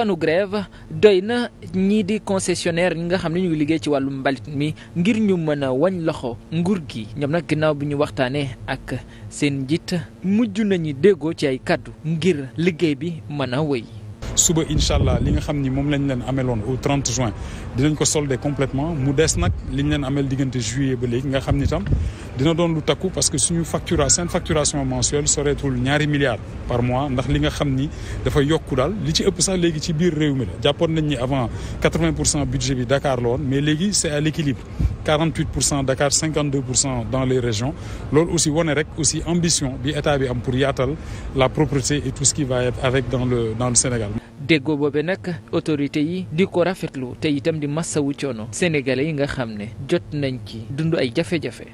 fanu grève doy na ñii di concessionnaire ñi nga xam ne ñuy ngi liggéey ci wàllu mbalit mi ngir ñu mën a wañ loxo nguur gi ñoom nag ginnaaw bi ñu waxtaanee ak seen njiit mujj nañu déggoo ci ay kàddu ngir liggéey bi mën a wéy suba incha allah li nga xam ni moom lañ leen ameloon au 30 juin dinañ ko soldé complètement mu des nag li ñu leen amel diggante juillet ba léegi nga xam ni tam dina doon lu takku parce que suñu factura seen facturation mensuelle soreetul ñaari milliards par mois ndax li nga xam ni dafa yokku daal li ci ëpp sax léegi ci biir réew mi la jàppoon nañ ni avant 80 pour cent budget bi Dakar la woon mais léegi c'est à l'équilibre 48 pour cent Dakar 52 pour cent dans les régions loolu aussi wane rek aussi ambition bi état bi am pour yaatal la propreté et tout ce qui va être avec déggoo boobe nag autorité yi di ko rafetlu te itam di massawu coono sénégalais yi nga xam ne jot nañ ci dund ay jafe-jafe.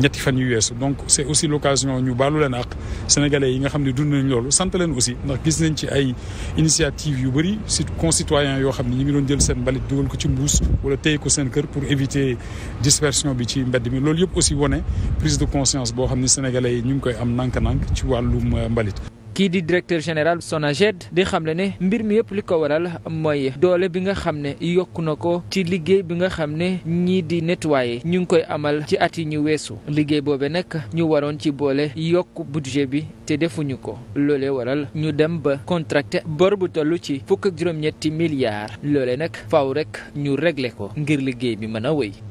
ñetti fan yu weesu donc c'est aussi l'occasion ñu baalu leen ak sénégalais yi nga xam ne dund nañ loolu sant leen aussi ndax gis nañ ci ay initiative yu bari si concitoyens yoo xam ne ñu ngi doon jël seen mbalit dugal ko ci mbuus wala téye ko seen kër pour éviter dispersion bi ci mbedd mi loolu yëpp aussi wone prise de conscience boo xam ne sénégalais yi ñu ngi koy am nànk-nànk ci wàllum mbalit. kii di directeur général SONAGED di xamle ne mbir mi yëpp li ko waral mooy doole bi nga xam ne yokk na ko ci liggéey bi nga xam ne ñii di nettoyer ñu ngi koy amal ci at yi ñu weesu liggéey boobe nag ñu waroon ci boole yokk budget bi te defuñu ko loole waral ñu dem ba contracté bor bu toll ci fukk ak juróom loole nag faaw rek ñu régler ko ngir liggéey bi mën a wéy